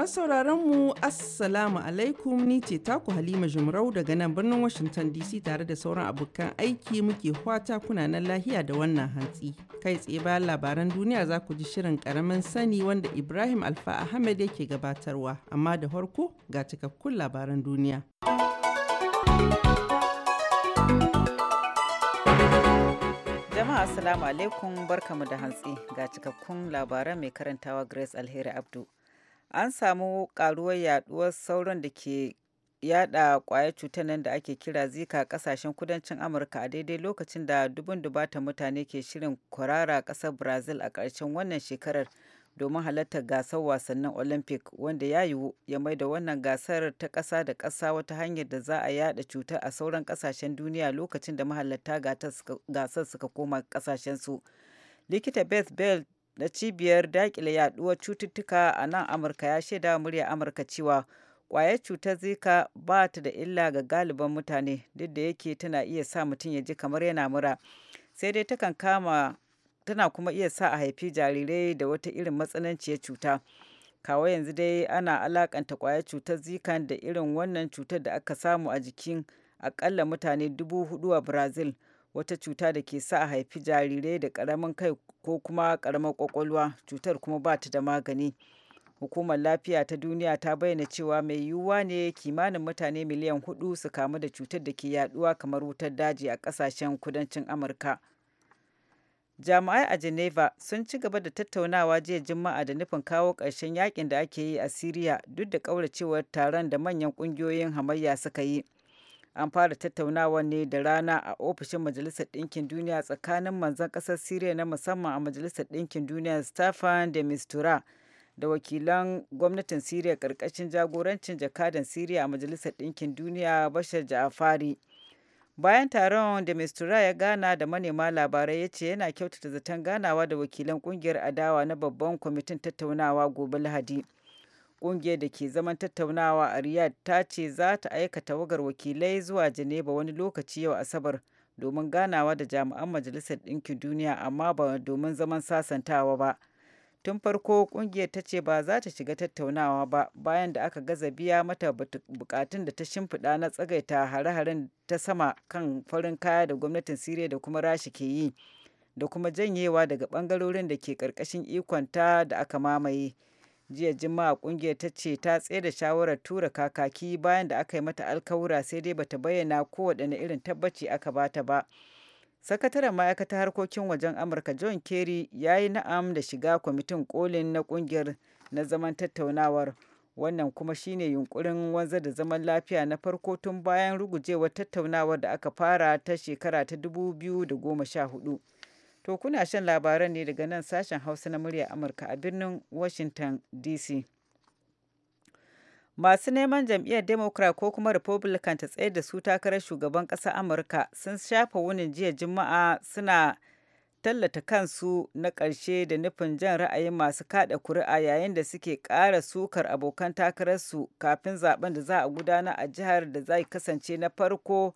Masu sauraron mu Assalamu alaikum ni ce taku Halima Jumrau daga nan birnin Washington DC tare da sauran abokan aiki muke fata kuna nan lahiya da wannan hantsi. Kai tsaye bayan labaran duniya za ku ji shirin karamin sani wanda Ibrahim Alfa Ahmed yake gabatarwa amma da farko ga cikakkun labaran duniya. Jama'a Assalamu alaikum barkamu da hantsi ga cikakkun labaran mai karantawa Grace Alheri Abdu. an samu karuwar yaduwar sauran da ke yada kwayar cutar nan da ake kira zika kasashen kudancin amurka a daidai lokacin da dubun dubatan mutane ke shirin kwarara kasar brazil a ƙarshen wannan shekarar domin halartar gasar wasannin olympic wanda ya yiwu ya mai da wannan gasar ta ƙasa da ƙasa wata hanyar da za a yada cutar a sauran ƙasashen duniya lokacin da mahalarta gasar suka koma su likita beth bell na cibiyar dakile yaduwar cututtuka a nan amurka ya shaida murya amurka cewa kwayar cutar zika ba ta da illa ga galiban mutane duk da yake tana iya sa mutum ya ji kamar yana mura sai dai takan kama tana kuma iya sa a haifi jarirai da wata irin matsananciyar cuta kawo yanzu dai ana alakanta kwayar cutar zika da irin wannan cutar da aka samu a jikin akalla mutane dubu hudu a brazil wata cuta da ke sa a haifi jarirai da ƙaramin kai ko kuma ƙaramar ƙwaƙwalwa cutar kuma ba ta da magani hukumar lafiya ta duniya ta bayyana cewa mai yiwuwa ne kimanin mutane miliyan hudu su kamu da cutar da ke yaduwa kamar wutar daji a ƙasashen kudancin amurka jami'ai a geneva sun ci gaba da tattaunawa jiya juma'a da nufin kawo ƙarshen yakin da ake yi a syria duk da ƙauracewar taron da manyan ƙungiyoyin hamayya suka yi an fara tattaunawa ne da rana a ofishin majalisar ɗinkin duniya tsakanin manzan ƙasar siriya na musamman a majalisar ɗinkin duniya stefan de mistura da wakilan gwamnatin siriya ƙarƙashin jagorancin jakadan siriya a majalisar ɗinkin duniya bashar ja'afari bayan taron da mistura ya gana da manema labarai ya ce yana kyautata zaton ganawa da wakilan ƙungiyar adawa na babban kwamitin tattaunawa gobe lahadi Ƙungiyar da ke zaman tattaunawa a Riyadh ta ce za ta aika tawagar wakilai zuwa Geneva wani lokaci yau Asabar domin ganawa da jami'an Majalisar Ɗinkin Duniya amma ba domin zaman sasantawa ba. Tun farko ƙungiyar ta ce ba za ta shiga tattaunawa ba bayan da aka gaza biya mata bukatun da ta shimfiɗa na tsagaita hare-haren ta sama kan farin kaya da gwamnatin Siriya da kuma Rashi ke yi da kuma janyewa daga ɓangarorin da ke ƙarƙashin ikonta da aka mamaye. jiya juma'a kungiyar ta ce ta tsaida shawarar tura kakaki bayan da aka yi mata alkawura sai dai bata bayyana wadanne irin tabbaci aka bata ba sakataren ma'aikatar harkokin wajen amurka john kerry ya yi na'am da shiga kwamitin kolin na kungiyar na zaman tattaunawar wannan kuma shine yunkurin wanzar da zaman lafiya na farko tun bayan rugujewar tattaunawar da aka fara ta shekara ta 2014 To kuna shan labaran ne daga nan sashen Hausa na murya Amurka a birnin Washington DC. Masu neman jam'iyyar Democrat ko kuma Republican ta tsayar da su takarar shugaban ƙasar Amurka sun shafa wunin jiya Juma'a suna tallata kansu na ƙarshe da nufin jan ra'ayin masu kaɗa kuri'a yayin da suke ƙara sukar abokan takararsu kafin zaben da za a gudana a jihar da zai kasance na farko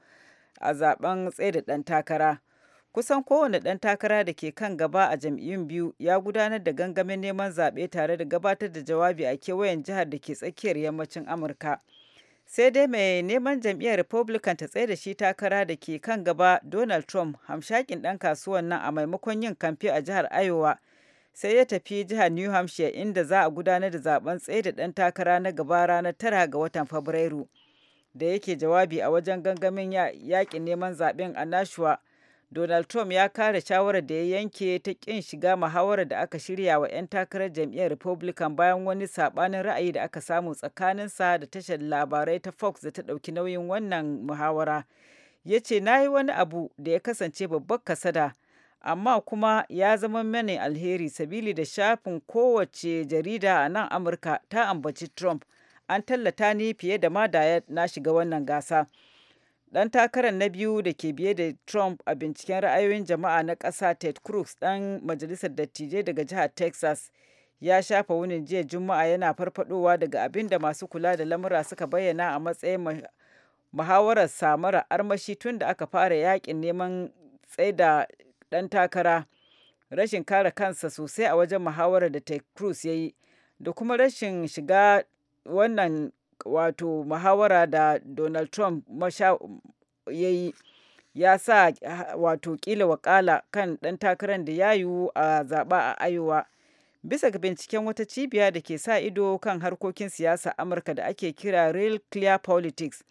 a zaben tsaye da ɗan takara. Kusan kowane ɗan takara da ke kan gaba a jam'iyyun biyu ya gudanar da gangamin neman zaɓe tare da gabatar da jawabi a kewayen jihar da ke tsakiyar yammacin Amurka. Sai dai mai neman jam'iyyar Republican ta tsaye da shi takara da ke kan gaba Donald Trump hamshakin ɗan kasuwan nan a maimakon yin kamfe a jihar Iowa. sai ya tafi jihar New Hampshire inda za a gudanar da zaben tsaye da ɗan takara na gaba ranar tara ga watan Fabrairu. Da yake jawabi a wajen gangamin yaƙin neman zaben a Nashua, Donald Trump ya kare shawarar da ya yanke ta kin shiga muhawarar da aka shirya wa 'yan takarar jam'iyyar Republican bayan wani saɓanin ra'ayi da aka samu tsakaninsa da tashar labarai ta Fox da ta ɗauki nauyin wannan muhawara. Ya ce, Na yi wani abu da ya kasance babbar kasada, amma kuma ya zama mani alheri sabili da shafin kowace jarida a nan Amurka ta ambaci Trump. An tallata ni fiye da ma da na shiga wannan gasa. Ɗan takarar na biyu da ke biye da Trump a binciken ra'ayoyin jama'a na ƙasa Ted Cruz ɗan majalisar dattijai daga jihar Texas ya shafa wunin jiya Juma'a yana farfadowa daga abin da masu kula da lamura suka bayyana a matsayin muhawarar samara armashi tun da aka fara yakin neman tsaida ɗan takara rashin kare kansa sosai a wajen muhawarar da Ted Cruz ya yi da kuma rashin shiga wannan wato muhawara da Donald Trump ya yi ya sa wato kila wakala kan ɗan takarar da ya yiwu a zaɓa a Iowa. Bisa ga binciken wata cibiya da ke sa ido kan harkokin siyasa Amurka da ake kira Real Clear Politics,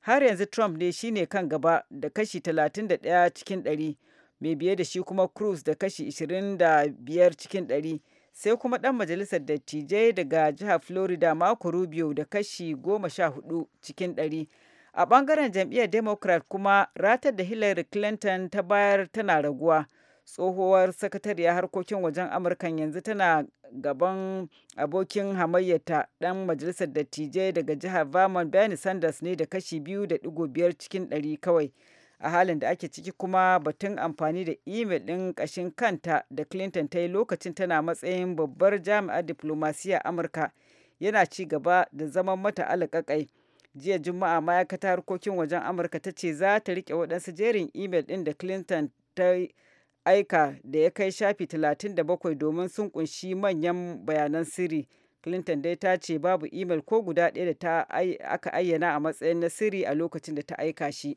har yanzu Trump ne shi ne kan gaba da kashi 31 cikin 100, mai biye da shi kuma Cruz da kashi 25 cikin 100. sai kuma ɗan majalisar dattijai daga jihar florida mako rubio da kashi goma sha hudu cikin ɗari a ɓangaren jam'iyyar democrat kuma ratar da hillary clinton ta bayar tana raguwa tsohuwar sakatariya harkokin wajen amurkan yanzu tana gaban abokin hamayyata ɗan majalisar dattijai daga jihar vermont bernie sanders ne da kashi biyu da cikin ɗari kawai a halin da ake ciki kuma batun amfani da imel din ƙashin kanta da clinton ta yi lokacin tana matsayin babbar jami'ar diplomasiya amurka yana ci gaba da zaman mata alaƙaƙai jiya juma'a ma'aikata harkokin wajen amurka ta ce za ta riƙe waɗansu jerin imel din da clinton ta aika da ya kai shafi 37 domin sun kunshi manyan bayanan sirri clinton dai ta ce babu imel ko guda ɗaya da ta aka ayyana a matsayin na sirri a lokacin da ta aika shi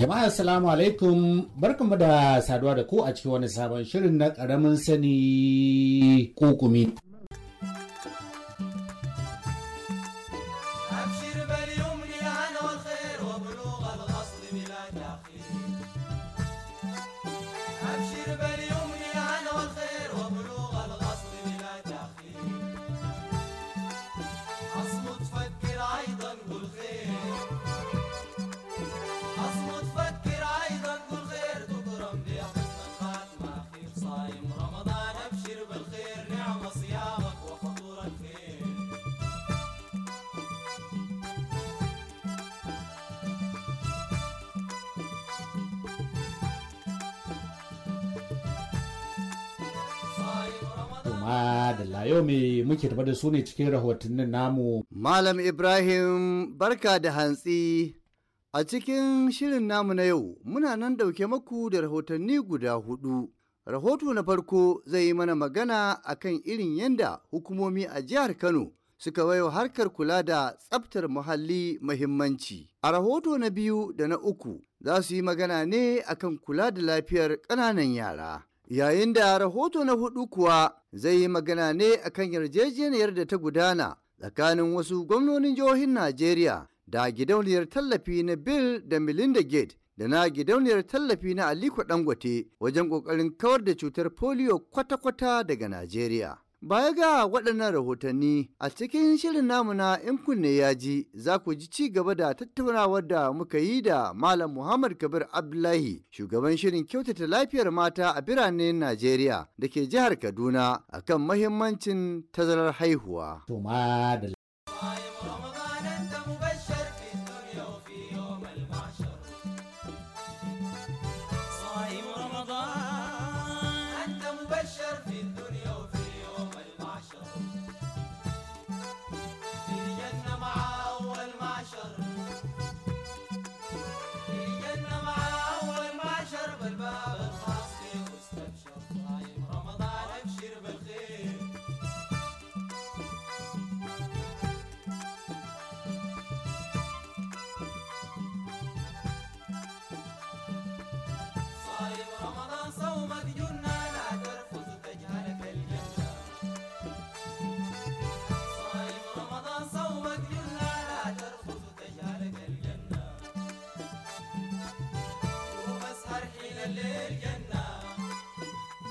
Jama'a assalamu alaikum barkanmu da saduwa da ku a cikin wani sabon shirin na karamin sani kokumi. da yau muke tafa da su ne cikin rahotannin namu. Malam Ibrahim barka da hantsi a cikin shirin namu na yau muna nan dauke maku da rahotanni guda hudu. Rahoto na farko zai yi mana magana akan irin yanda hukumomi a jihar Kano suka wayo harkar kula da tsaftar muhalli mahimmanci. A rahoto na biyu da na uku za su yi magana ne akan kula da lafiyar ƙananan yara. Yayin da rahoto na hudu kuwa zai yi magana ne akan yarjejeniyar da ta gudana tsakanin wasu gwamnonin jihohin Najeriya da gidauniyar tallafi na Bill da Melinda Gates da na gidauniyar tallafi na Aliko Dangote wajen ƙoƙarin kawar da cutar polio kwata-kwata daga Najeriya. Baya ga waɗannan rahotanni a cikin shirin namu na in kunne ya ji za ku ji ci gaba da tattaunawar da muka yi da Malam Muhammad Kabir Abdullahi shugaban shirin kyautata lafiyar mata a biranen Najeriya da ke jihar Kaduna akan mahimmancin tazarar haihuwa.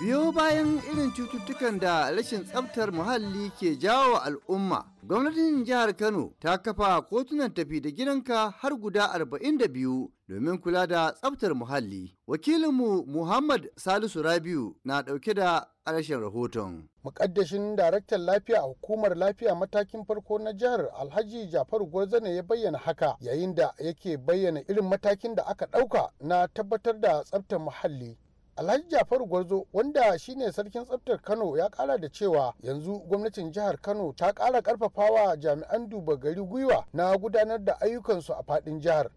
biyo bayan irin cututtukan da rashin tsabtar muhalli ke jawo al'umma gwamnatin jihar kano ta kafa kotunan tafi da gidanka har guda 42 domin kula da tsabtar muhalli. Wakilinmu Muhammad Salisu Rabiu na ɗauke da ƙarshen rahoton. Mukaddashin daraktan lafiya a hukumar lafiya matakin farko na jihar Alhaji Jafaru Gwarzane ya bayyana haka yayin da yake bayyana irin matakin da aka ɗauka na tabbatar da tsabtar muhalli. Alhaji Jafaru Gwarzo wanda shine sarkin tsaftar Kano ya kara da cewa yanzu gwamnatin jihar Kano ta kara karfafawa jami'an duba gari gwiwa na gudanar da ayyukansu a fadin jihar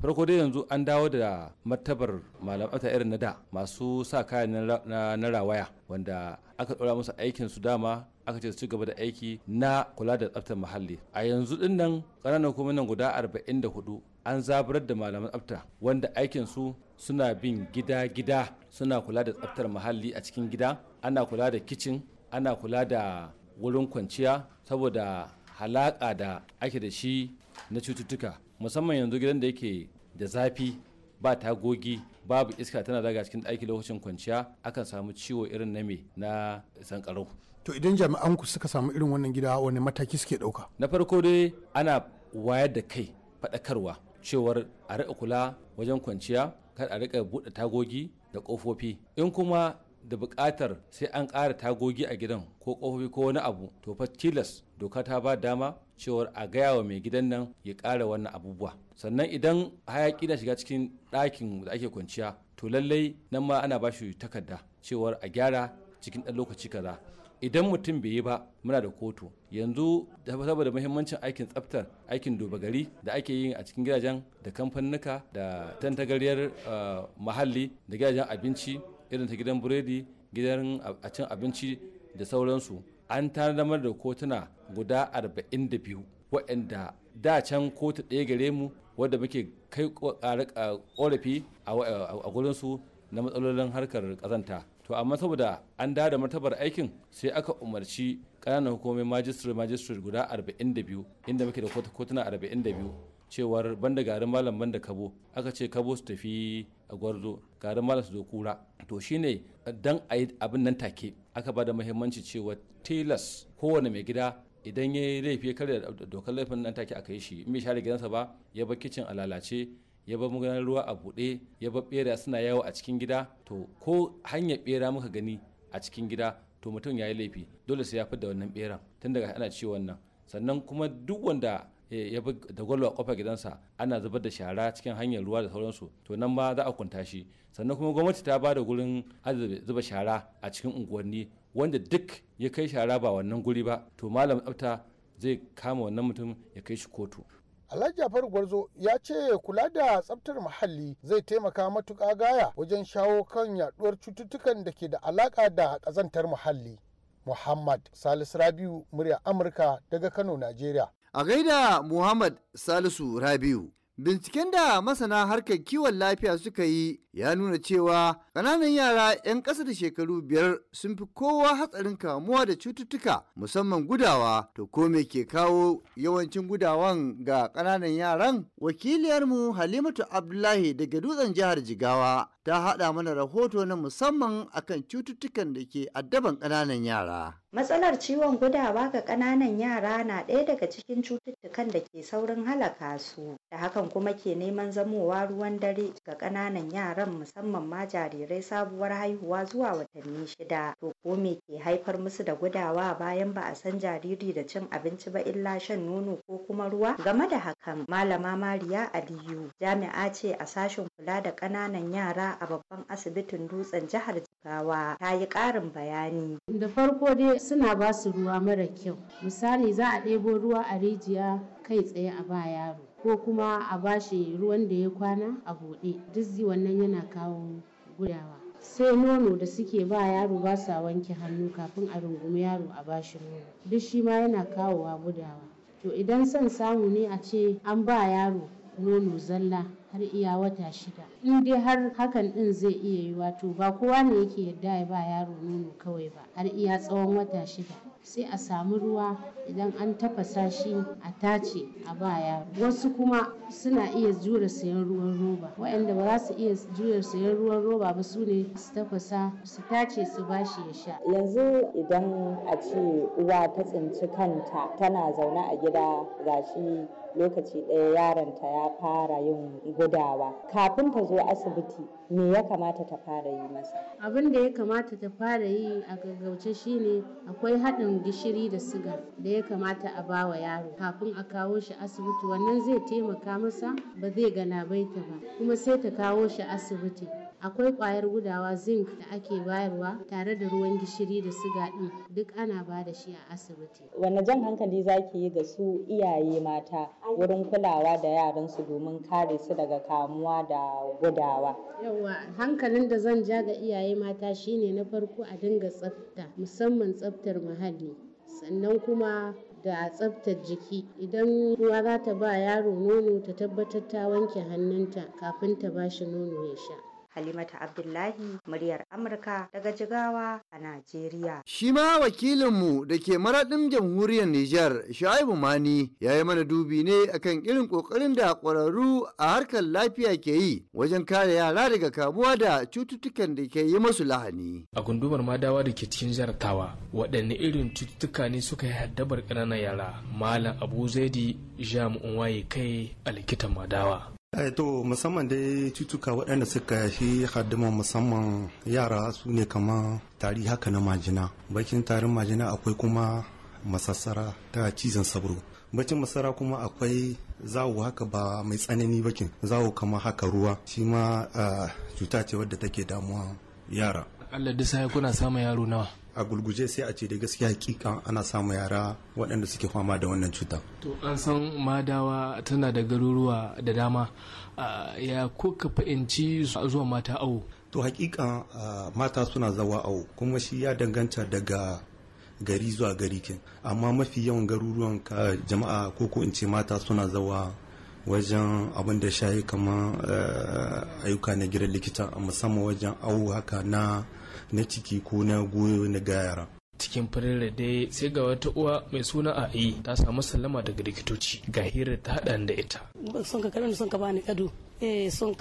farko dai yanzu an dawo da martabar malamata irin na da masu sa kaya na rawaya wanda aka ɗora musu aikin su dama aka ce su gaba da aiki na kula da tsaftar muhalli a yanzu din nan ƙananan hukumomin guda 44 an zaburar da malaman tsafta wanda aikin su suna bin gida-gida suna kula da tsaftar muhalli a cikin gida ana kula da kicin ana kula da wurin kwanciya saboda halaƙa da ake da shi na cututtuka musamman yanzu gidan da yake da zafi ba tagogi babu iska tana daga cikin ɗaki lokacin kwanciya akan samu ciwo irin na me na sankarau to idan jami'an ku suka samu irin wannan gida wani mataki suke ɗauka na farko dai ana wayar da kai faɗakarwa cewar a riƙa kula wajen kwanciya kar a riƙa buɗe tagogi da ƙofofi in kuma da buƙatar sai an ƙara tagogi a gidan ko ƙofofi ko wani abu to fa tilas doka ta ba dama cewar a gaya wa mai gidan nan ya ƙara wannan abubuwa sannan idan hayaƙi na shiga cikin ɗakin da ake kwanciya to lallai nan ma ana ba shi takarda cewar a gyara cikin ɗan lokaci kaza idan mutum bai yi ba muna da kotu yanzu saboda muhimmancin aikin tsaftar aikin duba gari da ake yi a cikin gidajen da kamfanuka da tantagaryar eh, muhalli da gidajen abinci irin ta gidan buredi gidan a cin abinci da sauransu an tanadar da kotuna guda 42 waɗanda da can kotu ɗaya gare mu wadda muke kai ƙorafi a gurinsu na matsalolin harkar ƙazanta to amma saboda an da martabar aikin sai aka umarci ƙananan hukumomin majistar majistar guda 42 inda muke da kotuna 42 cewar banda garin malam banda kabo aka ce kabo su tafi a gwarzo garin malam su zo kura to shine dan a yi abin nan take aka bada da muhimmanci cewa tilas kowane mai gida idan ya yi laifi ya karya dokar laifin nan take aka yi shi in bai share gidansa ba ya bar kicin a lalace ya bar maganar ruwa a buɗe ya bar ɓera suna yawo a cikin gida to ko hanyar bera muka gani a cikin gida to mutum ya yi laifi dole sai ya fi da wannan beran tun daga ana ci wannan sannan kuma duk wanda Eh, ya bi da gwalo a kofar gidansa ana zubar da shara cikin hanyar ruwa da sauransu to nan ma za a kunta shi sannan kuma gwamnati ta ba da gurin zuba shara a cikin unguwanni wanda duk ya kai shara ba wannan guri ba to malam tsafta zai kama wannan mutum ya kai shi kotu Alhaji Jafaru Gwarzo ya ce kula da tsaftar muhalli zai taimaka matuƙa gaya wajen shawo kan yaduwar cututtukan da ke da alaƙa da ƙazantar muhalli. Muhammad Salisu Rabiu murya Amurka daga Kano, Najeriya. A gaida Muhammad Salisu Rabiu, binciken da masana harkar kiwon lafiya suka yi ya nuna cewa ƙananan yara 'yan ƙasa da shekaru biyar sun fi kowa hatsarin kamuwa da cututtuka musamman gudawa to ko me ke kawo yawancin gudawan ga ƙananan yaran Wakiliyar wakiliyarmu halimatu abdullahi daga dutsen jihar jigawa ta haɗa mana rahoto na musamman akan cututtukan da ke addaban ƙananan yara matsalar ciwon gudawa ga ƙananan yara na ɗaya daga cikin cututtukan da ke saurin halaka su da hakan kuma ke neman zamowa ruwan dare ga ƙananan yara yaran musamman ma jarirai sabuwar haihuwa zuwa watanni shida to ko me ke haifar musu da gudawa bayan ba a san jariri da cin abinci ba illa shan nono ko kuma ruwa game da hakan malama mariya aliyu jami'a ce a sashen kula da ƙananan yara a babban asibitin dutsen jihar Jigawa ta yi ƙarin bayani. Da farko dai suna ba su ruwa mara kyau. Misali za a ɗebo ruwa a rijiya kai tsaye a ba yaro ko kuma a ba shi ruwan da ya kwana a buɗe. Duk wannan yana kawo gudawa. sai nono da suke ba yaro ba sa wanke hannu kafin a rungumi yaro a ba shi nono duk shi ma yana kawowa gudawa to idan son samu ne a ce an ba yaro nono zalla har iya wata shida in dai har hakan din zai iya yi wato ba kowa ne yake yarda ya ba yaro nono kawai ba har iya tsawon wata shida sai a samu ruwa idan an tafasa shi a tace a ba yaro wasu kuma suna iya jure sayan ruwan roba waɗanda ba za su iya jure sayan ruwan roba ba su ne su tafasa su tace su bashi ya sha yanzu idan a ce uwa ta tsinci kanta tana zaune a gida gashi lokaci ɗaya yaronta ya fara yin gudawa kafin ta zo asibiti me ya kamata ta fara yi masa abin da ya kamata ta fara yi a gaggauce shine akwai haɗin gishiri da siga da ya kamata a bawa yaro kafin a kawo shi asibiti wannan zai taimaka masa ba zai gana baita ba kuma sai ta kawo shi asibiti Akwai kwayar gudawa zinc da ake bayarwa tare da ruwan gishiri da siga ɗin duk ana ba da shi a asibiti. Wanne jan hankali za yi ga su iyaye mata wurin kulawa da yaransu domin kare su daga kamuwa da gudawa? Yauwa hankalin da zan ja ga iyaye mata shine na farko a dinga tsafta musamman tsaftar muhalli sannan kuma da tsaftar jiki idan uwa za ta ba yaro nono ta tabbatar ta wanke hannunta kafin ta ba shi nono ya sha. Halimatu Abdullahi muryar Amurka daga Jigawa a Najeriya. Shi ma wakilinmu da ke maraɗin jamhuriyar Nijar Shu'aibu Mani ya yi mana dubi ne akan irin ƙoƙarin da ƙwararru a harkar lafiya ke yi wajen kare yara daga kabuwa da cututtukan da ke yi masu lahani. A gundumar madawa da ke cikin jartawa waɗanne irin cututtuka ne suka yi haddabar ƙananan yara Malam Abu Zaidi jam'un waye kai a likitan madawa. Eh, to musamman dai cutuka waɗanda suka shi haddama musamman yara su ne kama tari haka na majina bakin tarin majina akwai kuma masassara ta cizon sabro bacin masara kuma akwai zawo haka ba mai tsanani bakin zawo kama haka ruwa shi ma ah, cuta ce wadda take damuwa yara allah duk kuna samun yaro nawa a gulguje sai a ce da gaskiya hakika ana samu yara waɗanda suke fama da wannan cuta to an san madawa tana da garuruwa da dama ya ko ka fahimci zuwa mata awo to hakika mata suna zawa awo kuma shi ya danganta daga gari zuwa gari ke amma mafi yawan garuruwan ka jama'a ko ko in ce mata suna zawa wajen abin da shayi kamar eh, ayyuka na gidan likita musamman wajen awo haka na na ciki ko na goyo na gayara cikin farin dai sai ga wata uwa mai suna a ta samu sallama daga likitoci ga hira ta haɗa da ita son ka karin son ka bani ado eh sun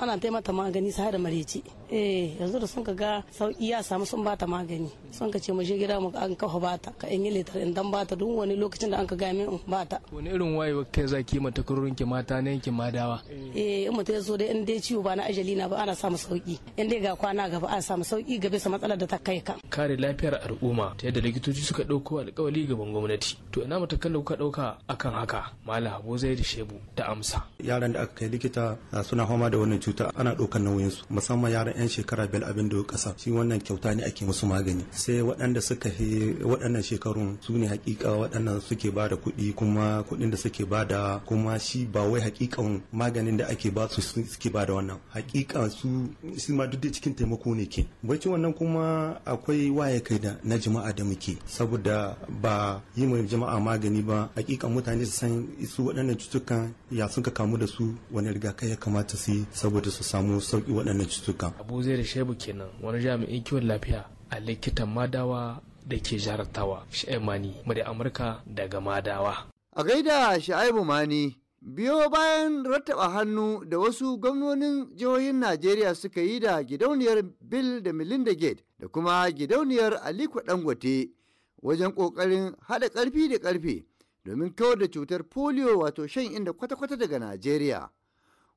ana ta mata magani sai da mareci eh yanzu da sun ka ga sauki ya samu sun bata magani sun ka ce mu je gida mu an kafa bata ka in yi litar in dan bata duk wani lokacin da an ka ga min bata wani irin wayewa kai zaki ki mata kururin ki mata ne ki madawa eh in mu ta zo da in dai ciwo ba na ajali na ba ana samu sauki in dai ga kwana gaba ana samu sauki ga bisa matsalar da ta kai ka kare lafiyar al'umma ta yadda likitoci suka dauko alƙawari gaban gwamnati to ina mata kallon ka dauka akan haka malam Habu da Shebu ta amsa yaran da aka kai likita suna fama da wannan cuta ana ɗaukar nauyinsu musamman yaran 'yan shekara biyar abin da ƙasa shi wannan kyauta ne ake musu magani sai waɗanda suka fi waɗannan shekarun su ne hakika waɗannan suke ba da kuɗi kuma kuɗin da suke ba da kuma shi ba wai hakikan maganin da ake ba su suke ba da wannan hakika su su ma duk da cikin taimako ne ke bacin wannan kuma akwai waye kai da na jama'a da muke saboda ba yi ma jama'a magani ba hakika mutane su san su waɗannan cutukan ya suka kamu da su wani rigakafi ya kamata su yi saboda su samu sauki waɗannan cutukan. abu zai da shaibu kenan wani jami'in kiwon lafiya a likitan madawa da ke jaratawa Mani mada amurka daga madawa. a gaida sha'ibu mani biyo bayan rattaba hannu da wasu gwamnonin jihohin najeriya suka yi da gidauniyar bill da melinda gate da kuma gidauniyar aliko dangote wajen kokarin hada karfi da karfe domin kawar da cutar polio wato shan inda kwata-kwata daga najeriya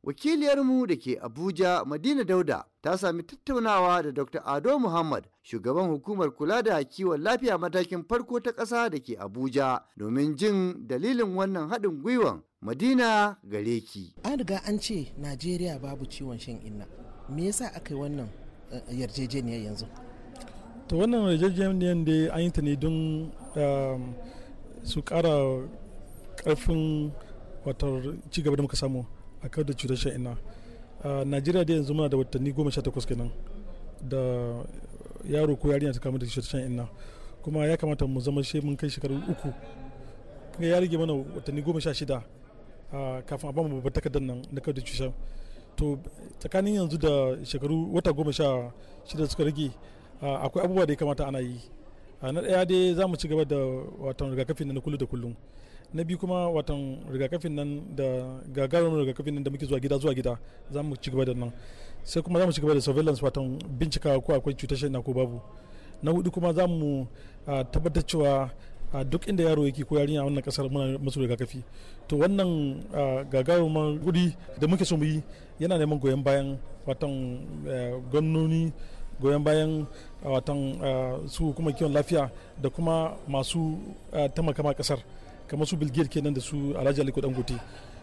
wakiliyarmu da ke abuja madina dauda ta sami tattaunawa da dr ado muhammad shugaban hukumar kula da kiwon lafiya matakin farko ta ƙasa da ke abuja domin jin dalilin wannan haɗin gwiwan madina gare ki an riga an ce najeriya babu ciwon shan inna me yasa aka yi wannan eh, yarjejeniyar yanzu to wannan yarjejeniyar da an yi ta ne don um, su ƙara ƙarfin watar cigaba da muka samu a kawar da cutar sha'ina a najeriya da yanzu muna da watanni goma sha takwas kenan da yaro ko yarinya ta kama da cutar sha'ina kuma ya kamata mu zama shi mun kai shekaru uku kuma ya rage mana watanni goma sha shida kafin a bamu babbar takardar nan na kawar da cutar to tsakanin yanzu da shekaru wata goma sha shida suka rage akwai abubuwa da ya kamata ana yi na ɗaya dai za mu ci gaba da watan rigakafi na kullu da kullum na biyu kuma watan rigakafin nan da gagarumin rigakafin nan da muke zuwa gida zuwa gida za mu ci gaba da nan sai kuma za mu ci gaba da surveillance watan bincika ko akwai cutar shan ko babu na hudu kuma za mu tabbatar cewa duk inda yaro yake ko yarinya a wannan kasar muna masu rigakafi to wannan gagarumin gudi da muke so mu yi yana neman goyon bayan watan gwamnoni goyon bayan watan su kuma kiwon lafiya da kuma masu ma kasar kamar su bilgiyar kenan da su alhaji aliko dangote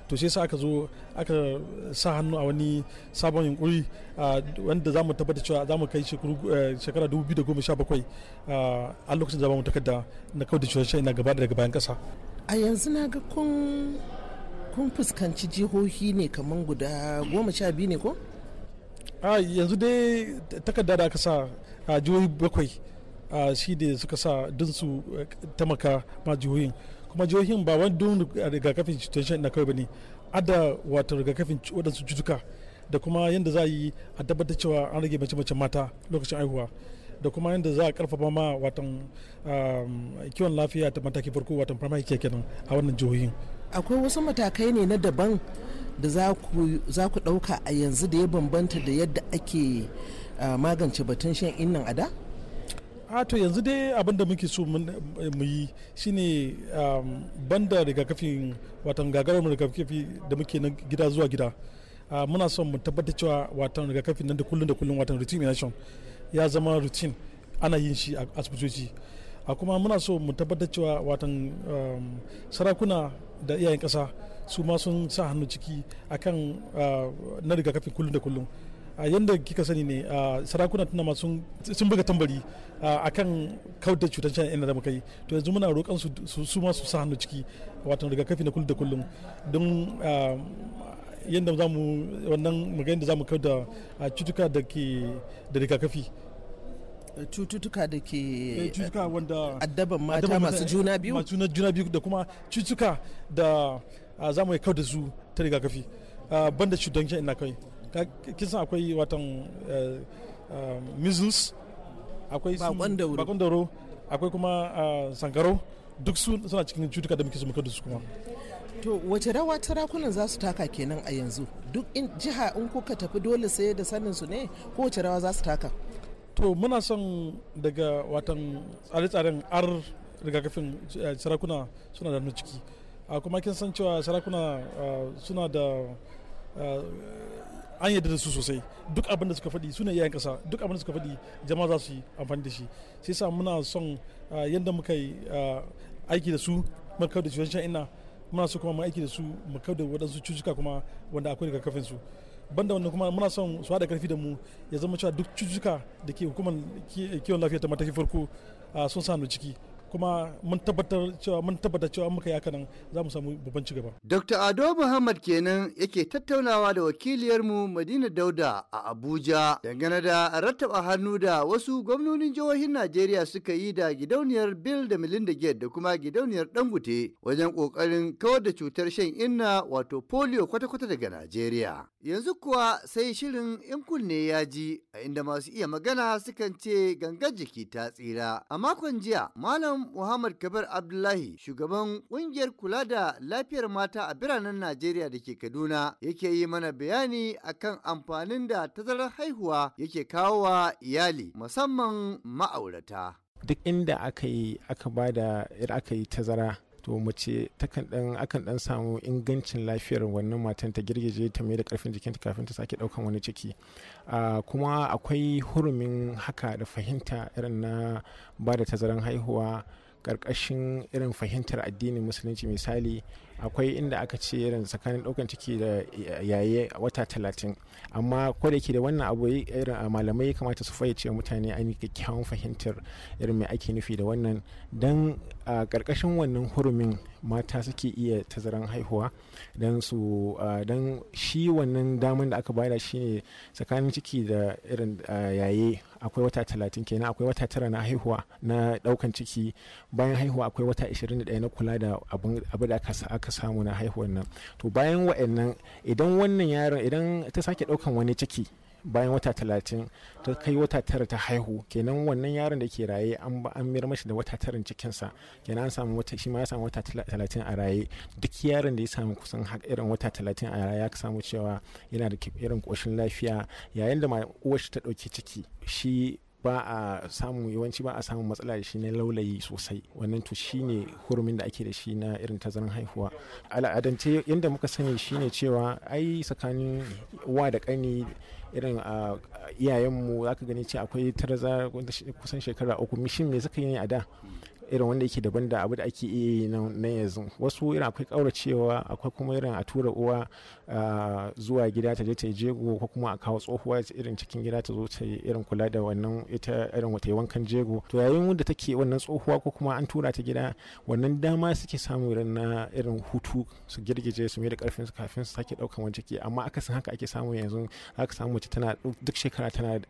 to sai sa aka zo aka sa hannu a wani sabon yunkuri wanda za mu tabbata cewa za mu kai eh, shekara 2017 a lokacin da ba mu takarda na kawai da cutar na gaba daga bayan kasa a yanzu na ga kun kun fuskanci jihohi ne kamar guda goma sha biyu ne ko a yanzu dai takarda da aka sa a jihohi bakwai shi da suka sa don su eh, tamaka ma jihohin kuma jihohin ba wani dun rigakafin cutar shan na kawai a da wato rigakafin waɗansu cutuka da kuma yadda za a yi a tabbatar cewa an rage mace mace mata lokacin haihuwa da kuma yadda za a karfafa ma watan um, kiwon lafiya ta mataki farko watan primary care kenan a wannan jihohin akwai wasu matakai ne na daban da za ku ɗauka a yanzu da ya bambanta da yadda ake uh, magance batun shan innan a da? a ah, to yanzu dai abinda muke so eh, mu yi shine um, banda rigakafin watan gagarumin rigakafi da muke na gida zuwa gida ah, muna son mu tabbatar cewa watan rigakafin nan da kullum da kullum watan routine immunization ya zama routine ana yin shi a asibitoci a ah, kuma muna so mu tabbatar cewa watan um, sarakuna da iyayen kasa su ma sun sa hannu ciki akan na rigakafin kullum da kullum a yadda kika sani ne sarakuna tuna masu sun buga tambari kan kawar da cutar shan da muka yi to yanzu muna roƙon su su ma su sa hannu ciki wato rigakafi na kullum da kullum don yadda za mu wannan magayin da za mu kawar da cutuka da ke da rigakafi cututtuka da ke eh, addaban mata masu juna biyu masu juna biyu da kuma cututtuka da za mu kawar da su ta rigakafi banda cutar shan ina kai. kin san akwai watan eh, eh, measles akwai bakon dauro akwai kuma eh, sankaro duk suna cikin cutuka da muke su muka da su kuma to wace rawa tarakunan za su taka kenan a yanzu duk in jiha in kuka tafi dole sai da sanin su ne ko wace rawa za su taka to muna son daga watan tsare-tsaren ar rigakafin sarakuna suna da ciki ah, kuma kin san cewa sarakuna ah, suna da an yarda da su sosai duk abin da suka faɗi su ne yayan ƙasa duk abin da suka faɗi jama'a za su yi amfani da shi sai sa muna son ah, yadda muka ah, yi aiki da su makar da cutar ina muna so kuma mu aiki da su mu da waɗansu cutuka kuma wanda akwai daga kafin su banda wannan kuma muna son su haɗa karfi da mu ya zama cewa duk cutuka da ke hukumar kiwon lafiya ta matakin farko ah, sun sa ciki kuma mun tabbatar cewa mun tabbatar cewa muka yi nan za mu samu babban ci gaba. Dr. Ado Muhammad kenan yake tattaunawa da wakiliyarmu Madina Dauda a Abuja dangane da rattaba hannu da wasu gwamnonin jihohin Najeriya suka yi da gidauniyar Bill da Melinda Gates da kuma gidauniyar Dangote wajen kokarin kawar da cutar shan inna wato polio kwata-kwata daga Najeriya. Yanzu kuwa sai shirin in kunne ya ji a inda masu iya magana sukan ce gangar jiki ta tsira. A makon jiya Malam Muhammad Kabir Abdullahi, shugaban ƙungiyar kula da lafiyar mata a biranen Najeriya da ke Kaduna, yake yi mana bayani akan amfanin da tazarar haihuwa yake kawo wa iyali, musamman ma'aurata. Duk inda aka yi aka bada aka yi tazara to mace takan dan akan dan samu ingancin lafiyar wannan matan ta girgije ta mai da karfin jikinta kafin ta sake daukan wani ciki kuma akwai hurumin haka da fahimta irin na ba da tazaran haihuwa karkashin irin fahimtar addinin musulunci misali akwai inda aka ce irin tsakanin ɗaukan ciki da yaye wata talatin amma ko da ke da wannan abu irin ah, malamai kamata su fayyace mutane an yi kyakkyawan fahimtar irin mai ake nufi da wannan don a ƙarƙashin wannan hurumin mata suke iya tazaran haihuwa don su don shi wannan damar da aka bada ne tsakanin ciki da irin yaye akwai wata talatin kenan akwai wata tara na haihuwa na ɗaukan ciki bayan haihuwa akwai wata 21 na kula da abu da aka aka samu na haihuwar nan to bayan wa'annan idan wannan yaron idan ta sake ɗaukan wani ciki bayan wata talatin ta kai wata tara ta haihu kenan wannan yaron da ke raye an ba an mayar mashi da wata tarin cikinsa kenan an samu wata shi ma ya samu wata talatin a raye duk yaron da ya samu kusan irin wata talatin a raye ya samu cewa yana da irin koshin lafiya yayin da ma uwar ta dauke ciki shi ba a samu yawanci ba a samu matsala da shi na laulayi sosai wannan to shi ne hurumin da ake da shi na irin tazarin haihuwa al'adance yadda muka sani shi ne cewa ai tsakanin uwa da kani irin a iyayenmu ka gani ce akwai tarza kusan shekara uku mishin me suka yi a da irin wanda yake daban da abu da ake iya yi na yanzu wasu irin akwai kauracewa akwai kuma irin a tura uwa zuwa gida ta je ta jego ko kuma a kawo tsohuwa irin cikin gida ta zo ta yi irin kula da wannan ita irin wata wankan jego to yayin wanda take wannan tsohuwa ko kuma an tura ta gida wannan dama suke samu irin na irin hutu su girgije su mai da karfin su kafin su sake daukan wani ciki amma akasin haka ake samu yanzu aka samu mace tana duk shekara tana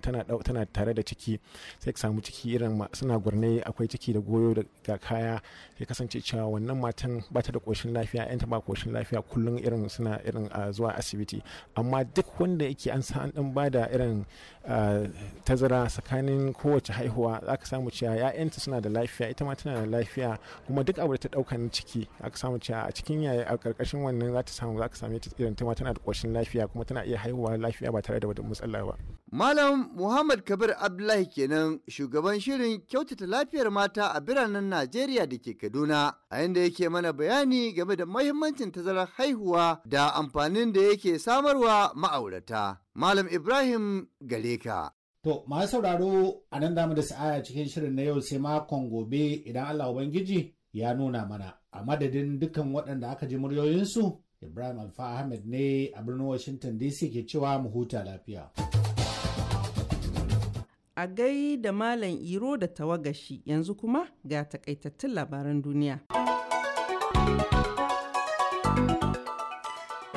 tana tare da ciki sai ka samu ciki irin suna gurnai akwai ciki da goyo da ga kaya ya kasance cewa wannan matan ba ta da koshin lafiya yan ta ba koshin lafiya kullum irin suna irin ah, zuwa asibiti amma duk wanda yake an san dan ba da irin ah, tazara tsakanin kowace haihuwa zaka samu cewa ya'yanta suna da lafiya ita ma tana da lafiya kuma duk abu da ta ɗaukan ciki ciki ka samu cewa a cikin yaya a karkashin wannan za ta samu za ka same ta irin ta ma tana da koshin lafiya kuma tana iya haihuwa lafiya ba tare da wata matsala ba Malam Muhammad Kabir Abdullahi kenan shugaban shirin kyautata lafiyar mata a biranen Najeriya da ke Kaduna, a inda yake mana bayani game da mahimmancin tazarar haihuwa da amfanin da yake samarwa ma'aurata. Malam Ibrahim Galeka. To, masu sauraro a nan damu da sa'aya cikin shirin na yau sai makon gobe idan Allah Ubangiji ya nuna mana. A madadin dukkan waɗanda aka ji muryoyinsu, Ibrahim Alfa Ahmed ne a birnin Washington DC ke cewa mu huta lafiya. A gai da Malam Iro da tawagashi yanzu kuma ga takaitattun labaran duniya.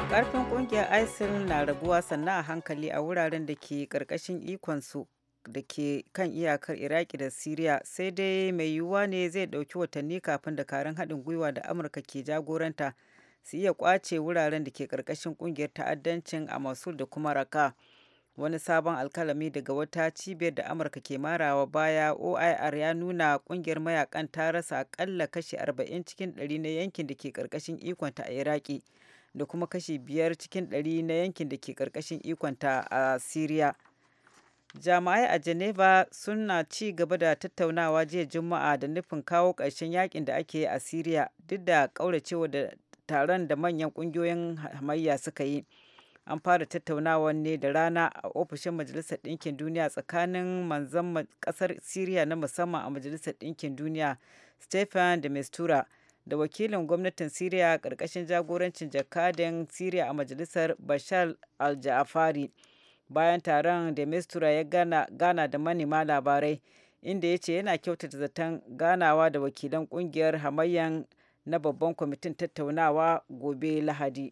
Karfin kungiyar ISIL na raguwa sannan a hankali a wuraren da ke karkashin ikonsu da ke kan iyakar Iraki da Siriya sai dai mai yiwuwa ne zai ɗauki watanni kafin da karin haɗin gwiwa da Amurka ke jagoranta su iya kwace wuraren da ke karkashin kungiyar ta'addancin a da kuma Raqqa. wani sabon alkalami daga wata cibiyar da amurka ke marawa baya oir ya nuna kungiyar mayakan ta rasa akalla kashi 40 cikin 100 na yankin da ke karkashin ikonta a iraki da kuma kashi 5 cikin 100 na yankin da ke karkashin ikonta a syria jami'ai a geneva suna ci gaba da tattaunawa jiya juma'a da nufin kawo ƙarshen yakin da ake yi a syria duk da ƙauracewa da taron da manyan ƙungiyoyin hamayya suka yi an fara tattaunawa ne da rana a ofishin majalisar ɗinkin duniya tsakanin manzan ƙasar syria na musamman a majalisar ɗinkin duniya stefan de mistura da wakilin gwamnatin syria ƙarƙashin jagorancin jakadin syria a majalisar bashar al-ja'afari bayan taron de mistura ya gana, da manema labarai inda ya ce yana kyautata zaton ganawa da wakilan ƙungiyar hamayyan na babban kwamitin tattaunawa gobe lahadi